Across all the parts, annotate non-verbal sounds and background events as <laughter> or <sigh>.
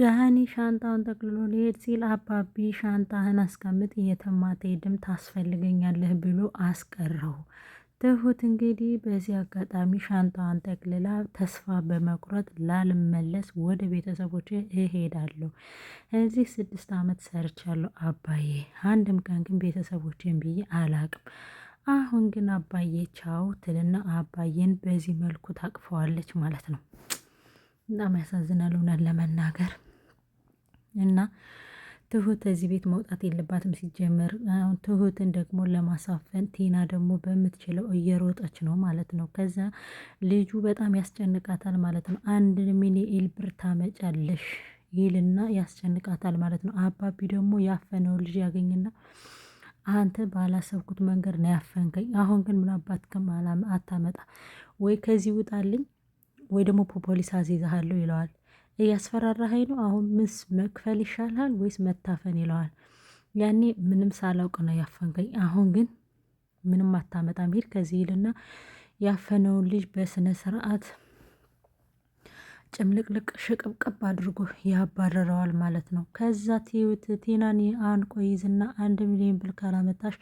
ዳኒ ሻንጣውን ጠቅልሎ ሊሄድ ሲል አባቢ ሻንጣህን አስቀምጥ እየተማተ ሄድም ታስፈልገኛለህ ብሎ አስቀረው። ትሁት እንግዲህ በዚህ አጋጣሚ ሻንጣዋን ጠቅልላ ተስፋ በመቁረጥ ላልመለስ ወደ ቤተሰቦች እሄዳለሁ፣ እዚህ ስድስት ዓመት ሰርቻለሁ አባዬ፣ አንድም ቀን ግን ቤተሰቦችን ብዬ አላቅም አሁን ግን አባዬ ቻው ትልና አባዬን በዚህ መልኩ ታቅፈዋለች ማለት ነው። በጣም ያሳዝናል እውነት ለመናገር እና ትሁት እዚህ ቤት መውጣት የለባትም። ሲጀመር ትሁትን ደግሞ ለማሳፈን ቴና ደግሞ በምትችለው እየሮጠች ነው ማለት ነው። ከዛ ልጁ በጣም ያስጨንቃታል ማለት ነው። አንድ ሚኒኤል ብር ታመጫለሽ ይልና ያስጨንቃታል ማለት ነው። አባቢ ደግሞ ያፈነው ልጅ ያገኝና አንተ ባላሰብኩት መንገድ ነው ያፈንከኝ። አሁን ግን ምን አባትክም አታመጣ ወይ ከዚህ ውጣልኝ ወይ ደግሞ በፖሊስ አስይዝሃለሁ ይለዋል። እያስፈራራኸኝ ነው አሁን ምስ መክፈል ይሻልሃል ወይስ መታፈን ይለዋል። ያኔ ምንም ሳላውቅ ነው ያፈንከኝ፣ አሁን ግን ምንም አታመጣም ሂድ ከዚህ ይልና ያፈነውን ልጅ በስነ ስርዓት ጭምልቅልቅ ሽቅብቅብ አድርጎ ያባረረዋል ማለት ነው። ከዛ ቲዩት ቲናን አንቆይዝና አንድ ሚሊዮን ብር ካላመጣሽ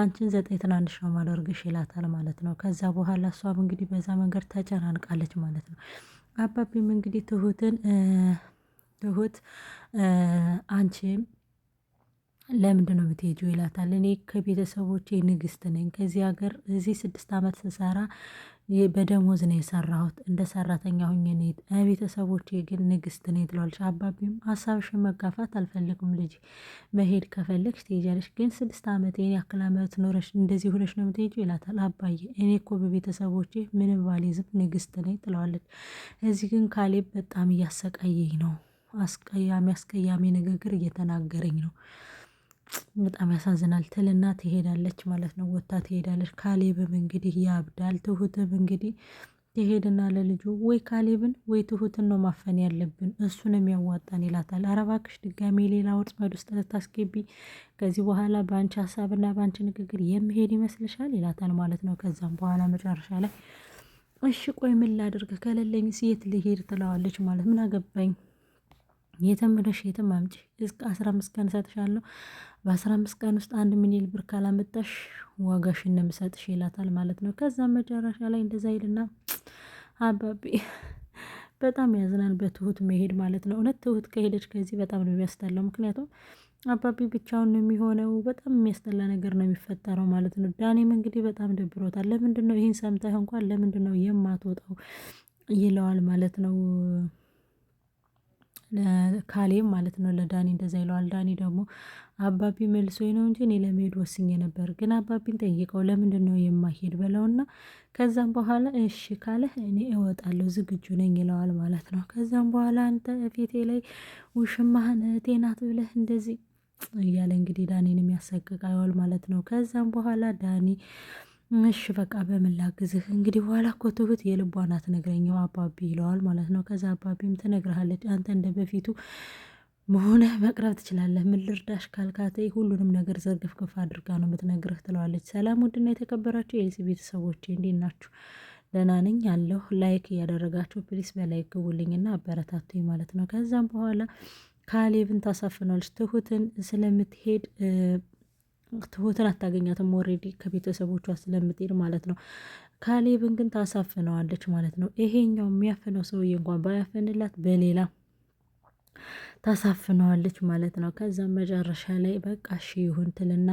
አንቺን ዘጠኝ ትናንሽ ነው ማደርግሽ ይላታል ማለት ነው። ከዛ በኋላ እሷም እንግዲህ በዛ መንገድ ተጨናንቃለች ማለት ነው። አባቢም እንግዲህ ትሁትን ትሁት አንቺም ለምንድን ነው የምትሄጂው ይላታል። እኔ ከቤተሰቦቼ ንግስት ነኝ። ከዚህ ሀገር እዚህ ስድስት ዓመት ስሰራ በደሞዝ ነው የሰራሁት። እንደ ሰራተኛ ሁኝ ነኝ። ቤተሰቦቼ ግን ንግስት ነኝ ትለዋለች። አባቢም ሀሳብሽን መጋፋት አልፈልግም ልጅ፣ መሄድ ከፈለግሽ ትሄጃለሽ፣ ግን ስድስት ዓመት ይህን ያክል ዓመት ኖረሽ እንደዚህ ሁነሽ ነው ምትሄጁ? ይላታል። አባዬ እኔ እኮ በቤተሰቦቼ ምንም ባልይዝም ንግስት ነኝ ትለዋለች። እዚህ ግን ካሌብ በጣም እያሰቃየኝ ነው። አስቀያሚ አስቀያሚ ንግግር እየተናገረኝ ነው በጣም ያሳዝናል። ትልና ትሄዳለች ማለት ነው። ወታ ትሄዳለች። ካሌብም እንግዲህ ያብዳል። ትሁትም እንግዲህ ትሄድና ለልጁ ወይ ካሌብን ወይ ትሁትን ነው ማፈን ያለብን፣ እሱንም ያዋጣን ይላታል። ኧረ እባክሽ ድጋሜ ሌላ ወጥመድ ውስጥ ልታስገቢ፣ ከዚህ በኋላ በአንቺ ሀሳብና በአንቺ ንግግር የምሄድ ይመስልሻል? ይላታል ማለት ነው። ከዛም በኋላ መጨረሻ ላይ እሺ ቆይ ምን ላድርግ ከሌለኝ የት ልሄድ ትለዋለች ማለት ምን አገባኝ፣ የተምረሽ የትም አምጪ እስከ አስራ አምስት ቀን እሰጥሻለሁ በአስራ አምስት ቀን ውስጥ አንድ ሚሊዮን ብር ካላመጣሽ ዋጋሽ ነው ይላታል ማለት ነው። ከዛ መጨረሻ ላይ እንደዛ ይልና አባቤ በጣም ያዝናል። በትሁት መሄድ ማለት ነው። እውነት ትሁት ከሄደች ከዚህ በጣም ነው የሚያስጠላው። ምክንያቱም አባቢ ብቻውን ነው የሚሆነው። በጣም የሚያስጠላ ነገር ነው የሚፈጠረው ማለት ነው። ዳኔም እንግዲህ በጣም ደብሮታል። ለምንድን ነው ይህን ሰምተህ እንኳን ለምንድን ነው የማትወጣው ይለዋል ማለት ነው። ካሌብ ማለት ነው ለዳኒ እንደዛ ይለዋል። ዳኒ ደግሞ አባቢ መልሶ ነው እንጂ እኔ ለመሄድ ወስኜ ነበር፣ ግን አባቢን ጠይቀው ለምንድን ነው የማሄድ በለውና ከዛም በኋላ እሺ ካለህ እኔ እወጣለሁ ዝግጁ ነኝ ይለዋል ማለት ነው። ከዛም በኋላ አንተ ፊቴ ላይ ውሽማህን እህቴ ናት ብለህ እንደዚህ እያለ እንግዲህ ዳኒንም ያሰቅቀዋል ማለት ነው። ከዛም በኋላ ዳኒ እሺ በቃ በምን ላግዝህ? እንግዲህ በኋላ እኮ ትሁት የልቧን አትነግረኛው አባቢ ይለዋል ማለት ነው። ከዛ አባቢም ትነግርሃለች። አንተ እንደ በፊቱ መሆነ መቅረብ ትችላለህ። ምን ልርዳሽ ሁሉንም ነገር ዘርግፍግፍ አድርጋ ነው የምትነግርህ ትለዋለች። ሰላም ውድና የተከበራችሁ የዚ ቤተሰቦች እንዴት ናችሁ? ደህና ነኝ አለሁ። ላይክ እያደረጋችሁ ፕሊስ በላይክ ግቡልኝና አበረታቱኝ ማለት ነው። ከዛም በኋላ ካሌብን ታሳፍናለች ትሁትን ስለምትሄድ ትሁትን አታገኛትም። ኦልሬዲ ከቤተሰቦቿ ስለምትሄድ ማለት ነው። ካሌብን ግን ታሳፍነዋለች ማለት ነው። ይሄኛው የሚያፍነው ሰውዬ እንኳን ባያፍንላት በሌላ ታሳፍነዋለች ማለት ነው። ከዛ መጨረሻ ላይ በቃ እሺ ይሁን ትልና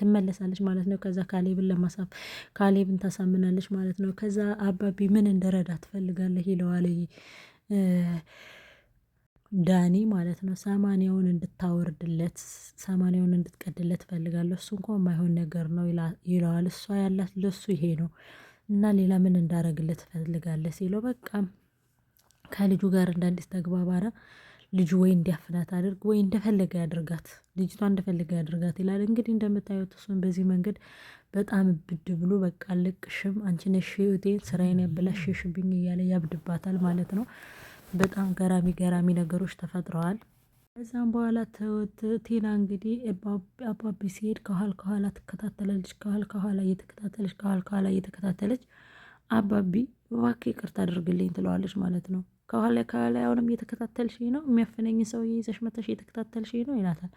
ትመለሳለች ማለት ነው። ከዛ ካሌብን ለማሳፍ ካሌብን ታሳምናለች ማለት ነው። ከዛ አባቢ ምን እንደረዳ ትፈልጋለህ ይለዋል። ዳኒ ማለት ነው ሰማንያውን እንድታወርድለት ሰማንያውን እንድትቀድለት ፈልጋለሁ። እሱ እንኳ የማይሆን ነገር ነው ይለዋል። እሷ ያላት ለሱ ይሄ ነው እና ሌላ ምን እንዳረግለት ፈልጋለ ሲለው በቃ ከልጁ ጋር እንዳንዲስ ተግባባረ ልጁ ወይ እንዲያፍናት አድርግ ወይ እንደፈለገ ያድርጋት፣ ልጅቷ እንደፈለገ ያድርጋት ይላል። እንግዲህ እንደምታዩት እሱን በዚህ መንገድ በጣም ብድ ብሎ በቃ ልቅሽም አንቺ ነሽ ህይወቴን ስራዬን ያበላሽሽብኝ እያለ ያብድባታል ማለት ነው። በጣም ገራሚ ገራሚ ነገሮች ተፈጥረዋል። ከዛም በኋላ ቲና እንግዲህ አባቢ ሲሄድ ከኋል ከኋላ ትከታተላለች። ከኋል ከኋላ እየተከታተለች ከኋል ከኋላ እየተከታተለች አባቢ እባክህ ይቅርታ አድርግልኝ ትለዋለች ማለት ነው። ከኋላ ከኋላ አሁንም እየተከታተልሽ ነው የሚያፈነኝ ሰውዬ ይዘሽ መተሽ እየተከታተልሽ ነው ይላታል።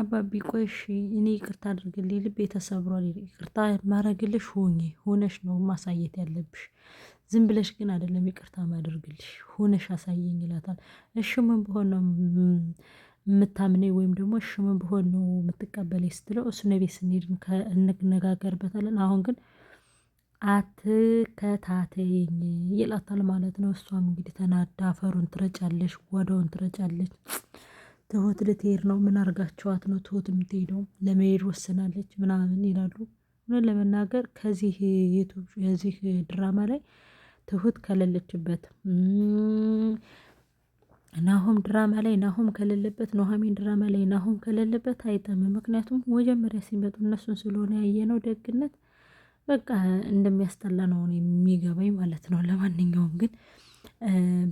አባቢ ቆይሽ እኔ ይቅርታ አድርግልኝ ልቤ ተሰብሯል። ይቅርታ ማረግልሽ ሆኜ ሆነሽ ነው ማሳየት ያለብሽ ዝም ብለሽ ግን አይደለም ይቅርታ ማድርግልሽ ሆነሽ አሳየኝ ይላታል። እሺ ምን ብሆን ነው የምታምነኝ ወይም ደግሞ እሺ ምን ብሆን ነው የምትቀበለኝ ስትለው እሱ ቤት ስንሄድ እንነጋገርበታለን አሁን ግን አትከታተይኝ ይላታል ማለት ነው። እሷም እንግዲህ ተናዳ አፈሩን ትረጫለች፣ ጓዳውን ትረጫለች። ትሁት ልትሄድ ነው። ምን አርጋችኋት ነው ትሁት የምትሄደው? ለመሄድ ወስናለች ምናምን ይላሉ። ምን ለመናገር ከዚህ የዚህ ድራማ ላይ ትሁት ከሌለችበት ናሆም ድራማ ላይ ናሆም ከሌለበት ኑሐሚን ድራማ ላይ ናሆም ከሌለበት አይጠም ምክንያቱም መጀመሪያ ሲመጡ እነሱን ስለሆነ ያየነው ደግነት በቃ እንደሚያስጠላ ነው የሚገባኝ ማለት ነው። ለማንኛውም ግን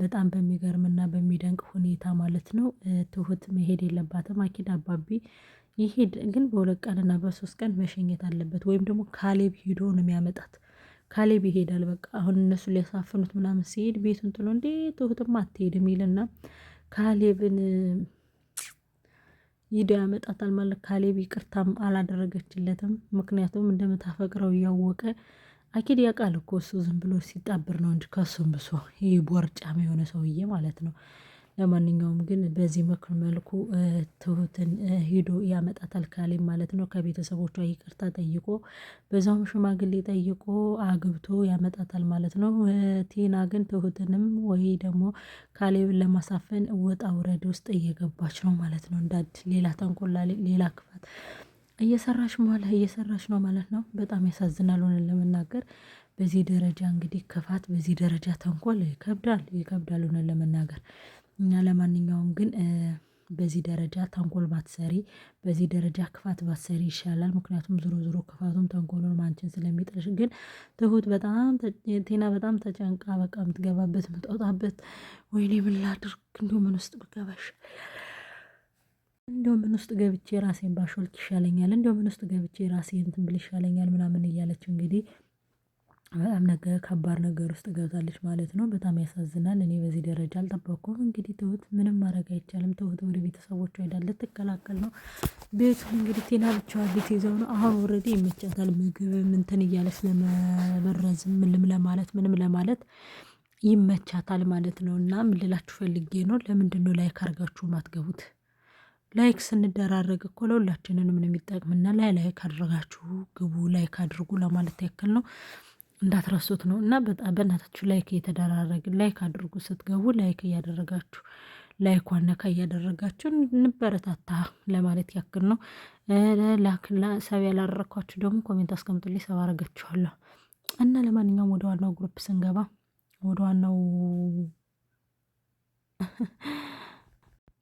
በጣም በሚገርምና በሚደንቅ ሁኔታ ማለት ነው ትሁት መሄድ የለባትም። አኪድ አባቢ ይሄድ ግን በሁለት ቀንና በሶስት ቀን መሸኘት አለበት፣ ወይም ደግሞ ካሌብ ሂዶ ነው የሚያመጣት። ካሌብ ይሄዳል። በቃ አሁን እነሱ ሊያሳፍኑት ምናምን ሲሄድ ቤቱን ጥሎ እንዴ ትሁትማ አትሄድም ይልና ካሌብን ይዶ ያመጣታል። ማለት ካሌብ ይቅርታም አላደረገችለትም። ምክንያቱም እንደምታፈቅረው እያወቀ አኪድ ያውቃል እኮ እሱ ዝም ብሎ ሲጣብር ነው እንጂ ከሱም ብሶ ይህ ቦርጫም የሆነ ሰውዬ ማለት ነው። ለማንኛውም ግን በዚህ ምክር መልኩ ትሁትን ሄዶ ያመጣታል ካሌብ ማለት ነው። ከቤተሰቦቿ ይቅርታ ጠይቆ በዛውም ሽማግሌ ጠይቆ አግብቶ ያመጣታል ማለት ነው። ቲና ግን ትሁትንም ወይ ደግሞ ካሌብን ለማሳፈን ወጣ ውረድ ውስጥ እየገባች ነው ማለት ነው። እንዳድ ሌላ ተንኮላ ሌላ ክፋት እየሰራች ማለት እየሰራች ነው ማለት ነው። በጣም ያሳዝናል። ሆነን ለመናገር በዚህ ደረጃ እንግዲህ ክፋት፣ በዚህ ደረጃ ተንኮል ይከብዳል፣ ይከብዳል ሆነን ለመናገር እና ለማንኛውም ግን በዚህ ደረጃ ተንኮል ባትሰሪ፣ በዚህ ደረጃ ክፋት ባትሰሪ ይሻላል። ምክንያቱም ዞሮ ዞሮ ክፋቱም ተንኮሉን አንቺን ስለሚጥልሽ። ግን ትሁት በጣም ቴና በጣም ተጨንቃ በቃ የምትገባበት የምትወጣበት፣ ወይኔ ምን ላድርግ እንዲሁ ምን ውስጥ ብገባሽ እንደው ምን ውስጥ ገብቼ ራሴን ባሾልክ ይሻለኛል፣ እንደው ምን ውስጥ ገብቼ ራሴን እንትን ብል ይሻለኛል ምናምን እያለች እንግዲህ በጣም ነገ ከባድ ነገር ውስጥ ገብታለች ማለት ነው። በጣም ያሳዝናል። እኔ በዚህ ደረጃ አልጠበቅኩም። እንግዲህ ትሁት ምንም ማድረግ አይቻልም። ትሁት ወደ ቤተሰቦቿ ሄዳለች፣ ልትቀላቀል ነው። ቤቱን እንግዲህ ቴና ብቻዋን ቤት ይዘው ነው አሁን ወረዴ ይመቻታል። ምግብ ምንትን እያለች ለመበረዝ ምንም ለማለት ምንም ለማለት ይመቻታል ማለት ነው። እና ምን ልላችሁ ፈልጌ ነው፣ ለምንድን ነው ላይክ አድርጋችሁ ማትገቡት? ላይክ ስንደራረግ እኮ ለሁላችንን ምንም ይጠቅምና ላይ ላይክ አድርጋችሁ ግቡ፣ ላይክ አድርጉ ለማለት ያክል ነው። እንዳትረሱት ነው እና በእናታችሁ ላይክ እየተደራረግ ላይክ አድርጉ። ስትገቡ ላይክ እያደረጋችሁ ላይክ ዋነካ እያደረጋችሁ እንበረታታ ለማለት ያክል ነው። ሰብ ያላረኳችሁ ደግሞ ኮሜንት አስቀምጡልኝ፣ ሰብ አረገችኋለሁ። እና ለማንኛውም ወደ ዋናው ግሩፕ ስንገባ ወደ ዋናው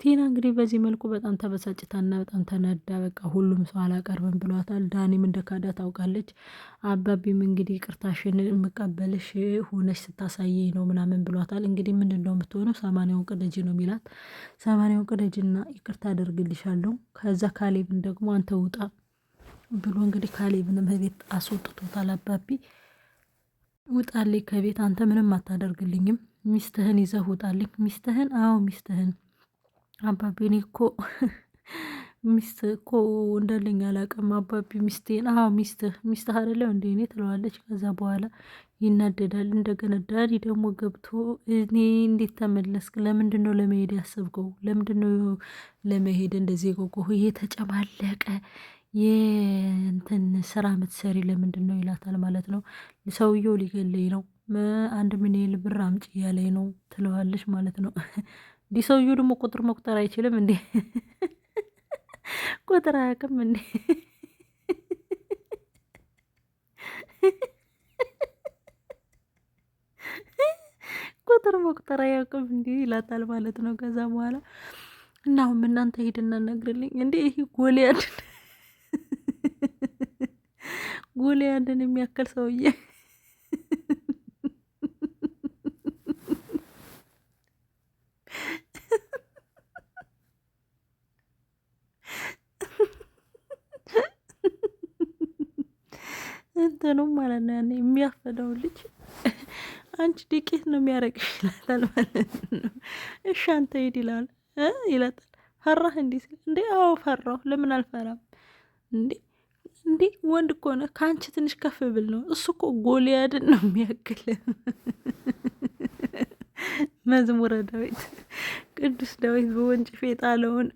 ቲና እንግዲህ በዚህ መልኩ በጣም ተበሳጭታና በጣም ተናዳ በቃ ሁሉም ሰው አላቀርብም ብሏታል። ዳኒም እንደ ካዳ ታውቃለች። አባቢም እንግዲህ ቅርታሽን የምቀበልሽ ሆነች ስታሳየኝ ነው ምናምን ብሏታል። እንግዲህ ምንድን ነው የምትሆነው? ሰማንያውን ቅደጅ ነው የሚላት። ሰማንያውን ቅደጅና ይቅርታ አደርግልሻለሁ። ከዛ ካሌብን ደግሞ አንተ ውጣ ብሎ እንግዲህ ካሌብንም ከቤት አስወጥቶታል። አባቢ ውጣልኝ ከቤት አንተ ምንም አታደርግልኝም፣ ሚስትህን ይዘህ ውጣልኝ። ሚስትህን? አዎ ሚስትህን አባቢ እኔ እኮ <laughs> ሚስት እኮ እንዳለኝ አላውቅም። አባቢ ሚስቴን፣ አዎ ሚስት ሚስት አይደለ እንደ እኔ ትለዋለች። ከዛ በኋላ ይናደዳል። እንደገና ዳዲ ደግሞ ገብቶ እኔ እንዴት ተመለስክ? ለምንድን ነው ለመሄድ ያሰብከው? ለምንድን ነው ለመሄድ እንደዚህ የጓጓሁ? የተጨማለቀ የእንትን ስራ ምትሰሪ ለምንድን ነው ይላታል ማለት ነው። ሰውየው ሊገለኝ ነው፣ አንድ ሚሊዮን ብር አምጪ እያለኝ ነው ትለዋለች ማለት ነው። <laughs> እንዲህ ሰውዬው ደግሞ ቁጥር መቁጠር አይችልም እንዴ? ቁጥር አያውቅም እንዴ? ቁጥር መቁጠር አያውቅም እንዴ ይላታል ማለት ነው። ከዛ በኋላ እና አሁን እናንተ ሂድና ነግርልኝ እንዴ ይሄ ጎልያድን ጎልያድን የሚያክል ሰውዬ ነው ማለት ነው። ያኔ የሚያፈደው ልጅ አንቺ ዱቄት ነው የሚያረግሽ ይላታል ማለት ነው። እሺ አንተ ሂድ ይላል ይላታል። ፈራህ እንዲህ ሲል እንዴ አዎ ፈራሁ። ለምን አልፈራም እንዴ እንዴ ወንድ እኮ ነው ከአንቺ ትንሽ ከፍ ብል ነው እሱ እኮ ጎልያድን ነው የሚያክል። መዝሙረ ዳዊት ቅዱስ ዳዊት በወንጭፍ የጣለውን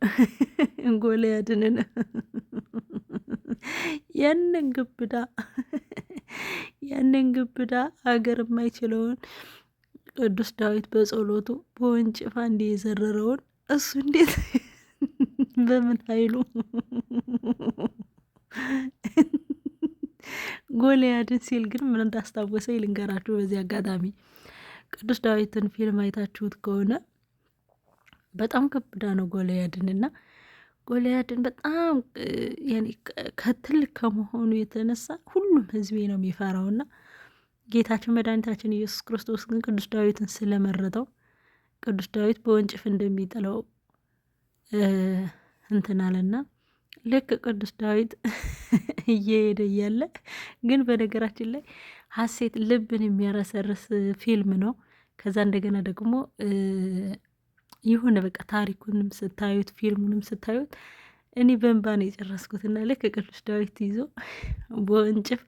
ጎልያድንን ያንን ግብዳ ያንን ግብዳ አገር የማይችለውን ቅዱስ ዳዊት በጸሎቱ በወንጭፋ እንዲ የዘረረውን እሱ እንዴት <laughs> በምን ኃይሉ <laughs> ጎልያድን ሲል ግን ምን እንዳስታወሰ ይልንገራችሁ። በዚህ አጋጣሚ ቅዱስ ዳዊትን ፊልም አይታችሁት ከሆነ በጣም ከብዳ ነው ጎልያድን እና ጎልያድን በጣም ከትልቅ ከመሆኑ የተነሳ ሁሉም ህዝቤ ነው የሚፈራውና ጌታችን መድኃኒታችን ኢየሱስ ክርስቶስ ግን ቅዱስ ዳዊትን ስለመረጠው ቅዱስ ዳዊት በወንጭፍ እንደሚጥለው እንትን አለና ልክ ቅዱስ ዳዊት <laughs> እየሄደ እያለ ግን በነገራችን ላይ ሀሴት ልብን የሚያረሰርስ ፊልም ነው። ከዛ እንደገና ደግሞ የሆነ በቃ ታሪኩንም ስታዩት ፊልሙንም ስታዩት እኔ በእንባ ነው የጨረስኩት። እና ልክ ቅዱስ ዳዊት ይዞ በወንጭፍ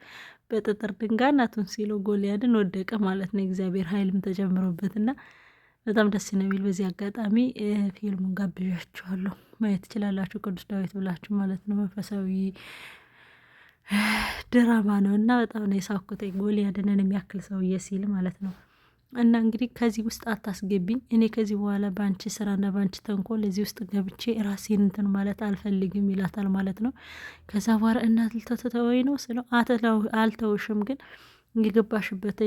በጠጠር ድንጋይ እናቱን ሲለው ጎልያድን ወደቀ ማለት ነው። እግዚአብሔር ኃይልም ተጨምሮበት እና በጣም ደስ ነው የሚል። በዚህ አጋጣሚ ፊልሙን ጋብዣችኋለሁ፣ ማየት ትችላላችሁ። ቅዱስ ዳዊት ብላችሁ ማለት ነው። መንፈሳዊ ድራማ ነው እና በጣም ነው የሳኩት። ጎልያድንን የሚያክል ሰውዬ ሲል ማለት ነው። እና እንግዲህ ከዚህ ውስጥ አታስገቢኝ። እኔ ከዚህ በኋላ በአንቺ ስራና በአንቺ ተንኮል እዚህ ውስጥ ገብቼ ራሴን እንትን ማለት አልፈልግም ይላታል ማለት ነው። ከዛ በኋላ እናት ልተተወይ ነው ስለው አልተውሽም፣ ግን የገባሽበት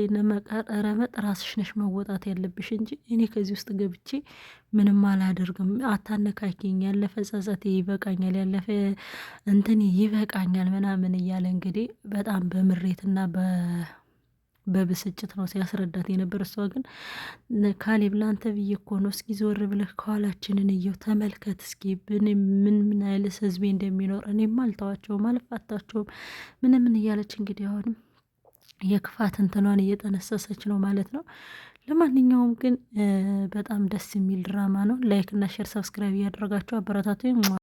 ረመጥ ራስሽ ነሽ መወጣት ያለብሽ እንጂ እኔ ከዚህ ውስጥ ገብቼ ምንም አላደርግም። አታነካኪኝ፣ ያለፈ ጸጸቴ ይበቃኛል፣ ያለፈ እንትን ይበቃኛል ምናምን እያለ እንግዲህ በጣም በምሬትና በ በብስጭት ነው ሲያስረዳት የነበር። እሷ ግን ካሌብ ለአንተ ብዬ እኮ ነው፣ እስኪ ዞር ብለህ ከኋላችንን እየው ተመልከት እስኪ ምን ምን አይልስ ህዝቤ እንደሚኖር እኔም አልተዋቸውም፣ አልፋታቸውም ምን ምን እያለች እንግዲህ አሁንም የክፋት እንትኗን እየጠነሰሰች ነው ማለት ነው። ለማንኛውም ግን በጣም ደስ የሚል ድራማ ነው። ላይክ እና ሼር፣ ሰብስክራይብ እያደረጋቸው አበረታቱ።